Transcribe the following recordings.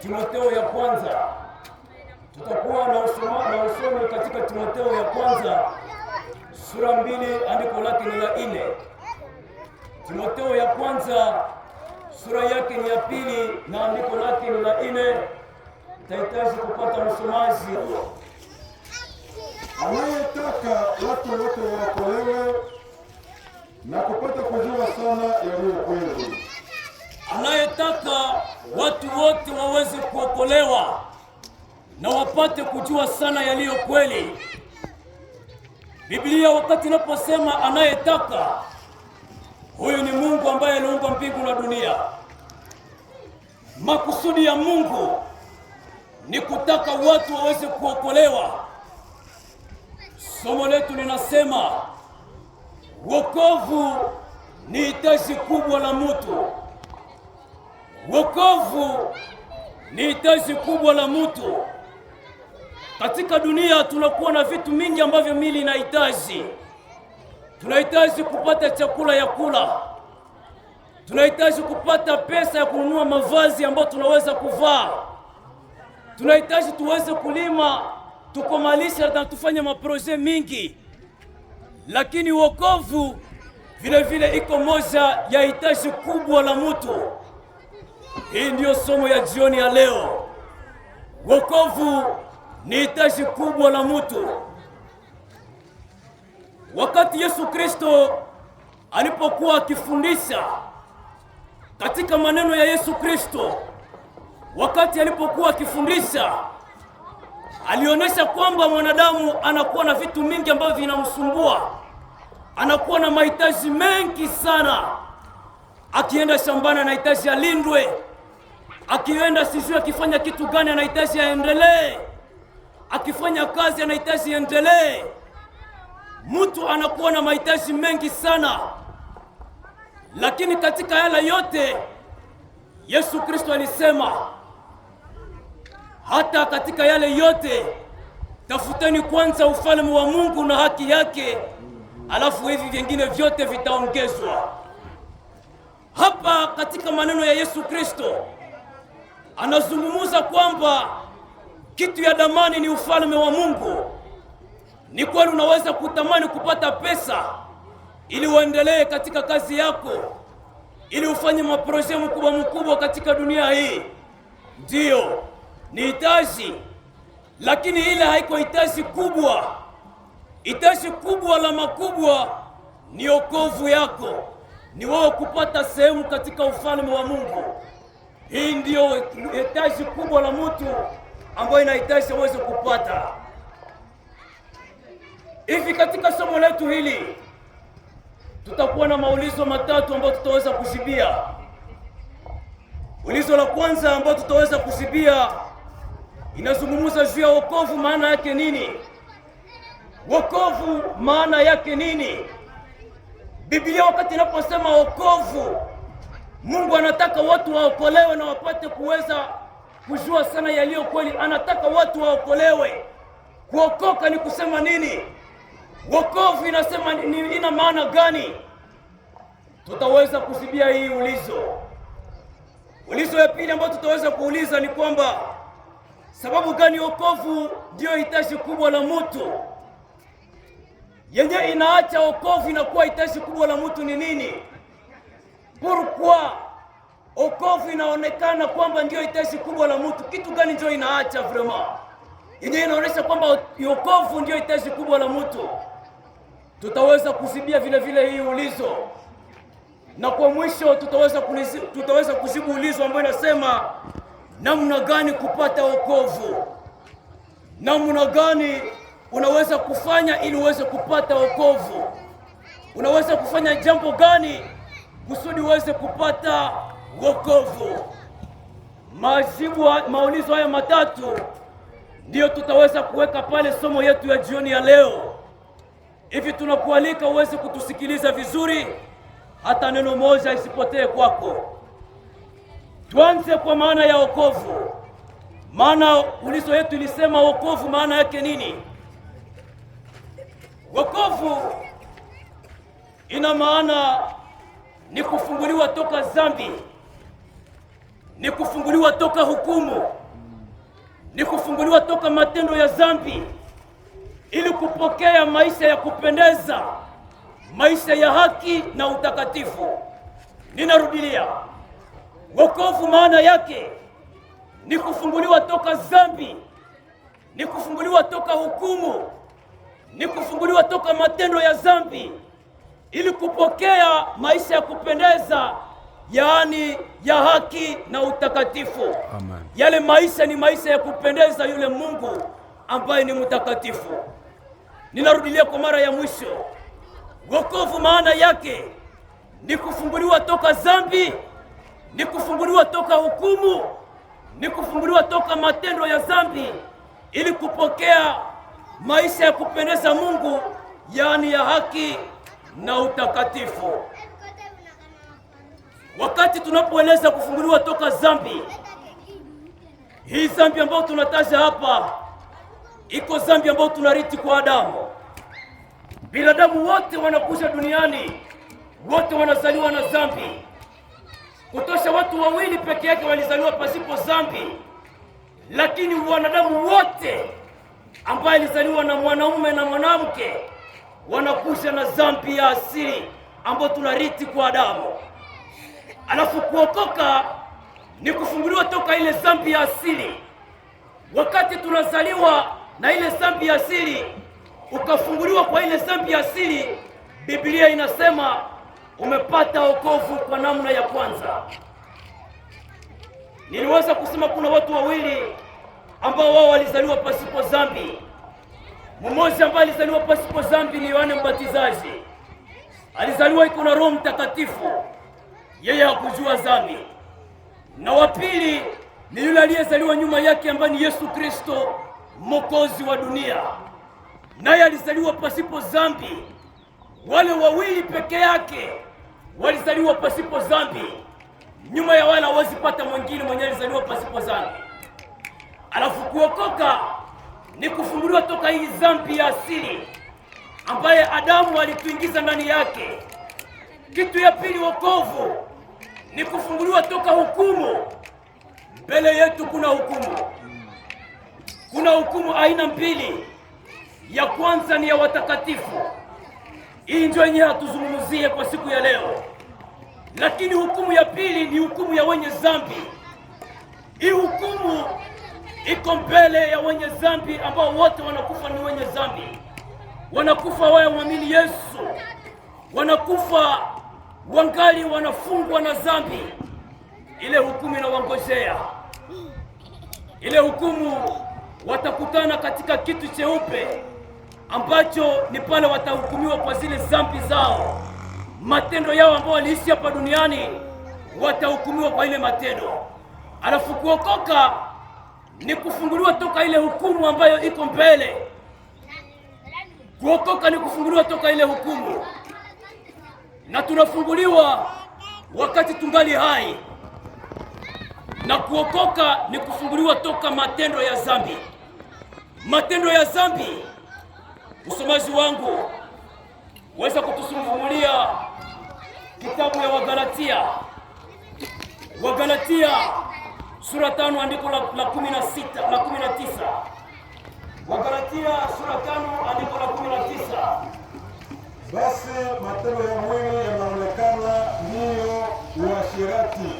Timotheo ya kwanza, tutakuwa na usomo na usomo katika Timotheo ya kwanza sura mbili, andiko lake ni la nne. Timotheo ya kwanza sura yake ni ya pili na andiko lake ni la nne. Tahitaji kupata msomaji anayetaka watu wote waokolewe na kupata kujua sana ya Mungu kweli, anayetaka watu wote waweze kuokolewa na wapate kujua sana yaliyo kweli. Biblia wakati inaposema anayetaka, huyu ni Mungu ambaye aliumba mbingu na dunia. Makusudi ya Mungu ni kutaka watu waweze kuokolewa. Somo letu linasema wokovu ni hitaji kubwa la mtu. Wokovu ni hitaji kubwa la mtu katika dunia. Tunakuwa na vitu mingi ambavyo mili inahitaji. Tunahitaji kupata chakula ya kula, tunahitaji kupata pesa ya kununua mavazi ambayo tunaweza kuvaa, tunahitaji tuweze kulima, tukomalisha na tufanye maproje mingi, lakini wokovu vilevile iko moja ya hitaji kubwa la mtu. Hii ndiyo somo ya jioni ya leo. Wokovu ni hitaji kubwa la mtu. Wakati Yesu Kristo alipokuwa akifundisha, katika maneno ya Yesu Kristo, wakati alipokuwa akifundisha, alionyesha kwamba mwanadamu anakuwa na vitu mingi ambavyo vinamsumbua, anakuwa na mahitaji mengi sana akienda shambani anahitaji alindwe, akienda sijui akifanya kitu gani anahitaji aendelee, akifanya kazi anahitaji endelee. Mtu anakuwa na mahitaji mengi sana, lakini katika yale yote Yesu Kristo alisema hata katika yale yote tafuteni kwanza ufalme wa Mungu na haki yake, alafu hivi vingine vyote vitaongezwa hapa katika maneno ya Yesu Kristo anazungumza kwamba kitu ya damani ni ufalme wa Mungu. Ni kweli unaweza kutamani kupata pesa ili uendelee katika kazi yako, ili ufanye maproje mkubwa mkubwa katika dunia hii, ndiyo ni hitaji, lakini ile haiko hitaji kubwa. Hitaji kubwa la makubwa ni okovu yako ni wao kupata sehemu katika ufalme wa Mungu. Hii ndiyo hitaji kubwa la mtu ambayo inahitaji aweze kupata hivi. Katika somo letu hili tutakuwa na maulizo matatu ambayo tutaweza kuzibia. Ulizo la kwanza ambayo tutaweza kuzibia inazungumza juu ya wokovu, maana yake nini? Wokovu maana yake nini? Biblia wakati inaposema wokovu, Mungu anataka watu waokolewe na wapate kuweza kujua sana yaliyo kweli. Anataka watu waokolewe. Kuokoka ni kusema nini? Wokovu inasema ni, ina maana gani? Tutaweza kuzibia hii ulizo. Ulizo ya pili ambayo tutaweza kuuliza ni kwamba sababu gani wokovu ndiyo hitaji kubwa la mtu? yenye inaacha okovu inakuwa itashi kubwa la mtu ni nini? Pourquoi okovu inaonekana kwamba ndio itashi kubwa la mtu? Kitu gani ndio inaacha vraiment yenye inaonyesha kwamba okovu ndio itashi kubwa la mtu? Tutaweza kuzibia vile vile hii ulizo, na kwa mwisho tutaweza tutaweza kuzibu ulizo ambayo inasema namna gani kupata okovu, namna gani unaweza kufanya ili uweze kupata wokovu? Unaweza kufanya jambo gani kusudi uweze kupata wokovu? Majibu, maulizo haya matatu ndiyo tutaweza kuweka pale somo yetu ya jioni ya leo. Hivi tunakualika uweze kutusikiliza vizuri, hata neno moja isipotee kwako. Tuanze kwa maana ya wokovu. Maana ulizo yetu ilisema wokovu maana yake nini? wokovu ina maana ni kufunguliwa toka dhambi, ni kufunguliwa toka hukumu, ni kufunguliwa toka matendo ya dhambi, ili kupokea maisha ya kupendeza, maisha ya haki na utakatifu. Ninarudilia, wokovu maana yake ni kufunguliwa toka dhambi, ni kufunguliwa toka hukumu ni kufunguliwa toka matendo ya dhambi ili kupokea maisha ya kupendeza yaani ya haki na utakatifu. Amen. Yale maisha ni maisha ya kupendeza yule Mungu ambaye ni mtakatifu. Ninarudilia kwa mara ya mwisho, wokovu maana yake ni kufunguliwa toka dhambi, ni kufunguliwa toka hukumu, ni kufunguliwa toka matendo ya dhambi ili kupokea maisha ya kupendeza Mungu, yaani ya haki na utakatifu. Wakati tunapoeleza kufunguliwa toka dhambi, hii dhambi ambayo tunataja hapa iko dhambi ambayo tunariti kwa Adamu. Binadamu wote wanakuja duniani, wote wanazaliwa na dhambi, kutosha watu wawili peke yake walizaliwa pasipo dhambi, lakini wanadamu wote ambaye alizaliwa na mwanaume na mwanamke, wanakusha na dhambi ya asili ambayo tunariti kwa Adamu. Alafu kuokoka ni kufunguliwa toka ile dhambi ya asili. Wakati tunazaliwa na ile dhambi ya asili, ukafunguliwa kwa ile dhambi ya asili, Biblia inasema umepata wokovu kwa namna ya kwanza. Niliweza kusema kuna watu wawili ambao wao walizaliwa pasipo dhambi. Mmoja ambaye alizaliwa pasipo dhambi ni Yohane Mbatizaji, alizaliwa iko na Roho Mtakatifu, yeye hakujua dhambi. Na wa pili ni yule aliyezaliwa nyuma yake ambaye ni Yesu Kristo Mwokozi wa dunia, naye alizaliwa pasipo dhambi. Wale wawili peke yake walizaliwa pasipo dhambi, nyuma ya wala hawezi pata mwingine mwenye alizaliwa pasipo dhambi. Alafu kuokoka ni kufunguliwa toka hii dhambi ya asili ambaye Adamu alituingiza ndani yake. Kitu ya pili, wokovu ni kufunguliwa toka hukumu. Mbele yetu kuna hukumu, kuna hukumu aina mbili. Ya kwanza ni ya watakatifu, hii ndio yenyewe hatuzungumzie kwa siku ya leo, lakini hukumu ya pili ni hukumu ya wenye dhambi. Hii hukumu iko mbele ya wenye dhambi, ambao wote wanakufa ni wenye dhambi, wanakufa wao waamini Yesu, wanakufa wangali wanafungwa na dhambi. Ile hukumu inawangojea, ile hukumu watakutana katika kitu cheupe ambacho ni pale watahukumiwa kwa zile dhambi zao, matendo yao ambao waliishi hapa duniani, watahukumiwa kwa ile matendo, alafu kuokoka ni kufunguliwa toka ile hukumu ambayo iko mbele. Kuokoka ni kufunguliwa toka ile hukumu, na tunafunguliwa wakati tungali hai, na kuokoka ni kufunguliwa toka matendo ya zambi. Matendo ya zambi, msomaji wangu weza kutusumbulia kitabu ya Wagalatia, Wagalatia sura tano andiko la, la kumi na sita la kumi na tisa Wagalatia sura tano andiko la kumi na tisa basi matendo ya mwili yanaonekana niyo uasherati.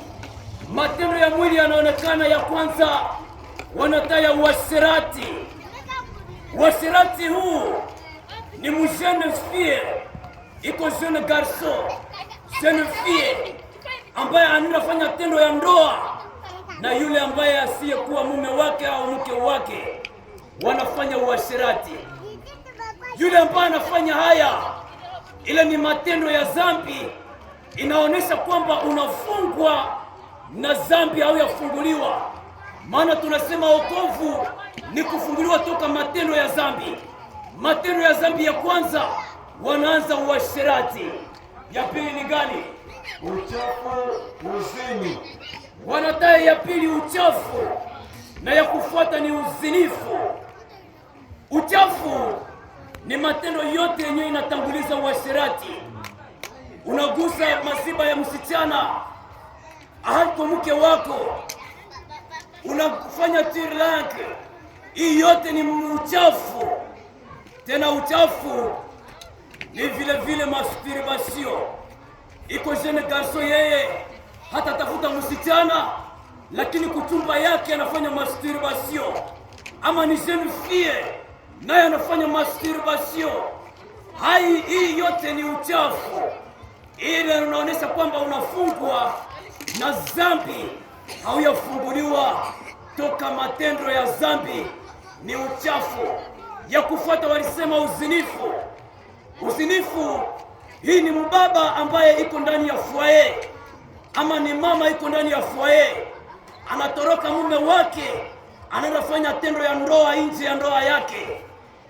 Matendo ya mwili yanaonekana, ya kwanza wanataya uasherati. Uasherati huu ni mujene fie iko jeune garson jeune fie ambaye anafanya tendo ya ndoa na yule ambaye asiyekuwa mume wake au mke wake wanafanya uasherati. Yule ambaye anafanya haya, ile ni matendo ya dhambi, inaonyesha kwamba unafungwa na dhambi au yafunguliwa. Maana tunasema wokovu ni kufunguliwa toka matendo ya dhambi. Matendo ya dhambi ya kwanza wanaanza uasherati. Ya pili ni gani? Uchafu, uzini, wanata ya pili uchafu, na ya kufuata ni uzinifu. Uchafu ni matendo yote yenye inatanguliza uasherati. Unagusa masiba ya msichana hata mke wako, unafanya tirlak. Hii yote ni uchafu. Tena uchafu ni vile vile masturbation. Iko jeune garson, yeye hata tafuta msichana lakini kuchumba yake anafanya masturbation ama niseme fie, naye anafanya masturbation. Hai, hii yote ni uchafu, ile unaonesha kwamba unafungwa na zambi hauyafunguliwa toka matendo ya zambi ni uchafu ya kufuata. Walisema uzinifu, uzinifu hii ni mbaba ambaye iko ndani ya fuaye ama ni mama iko ndani ya fuaye anatoroka mume wake, anafanya tendo ya ndoa nje ya ndoa yake.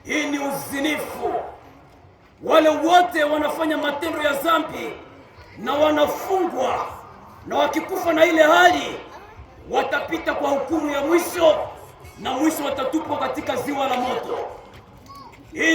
Hii ni uzinifu. Wale wote wanafanya matendo ya dhambi na wanafungwa, na wakikufa na ile hali watapita kwa hukumu ya mwisho, na mwisho watatupwa katika ziwa la moto.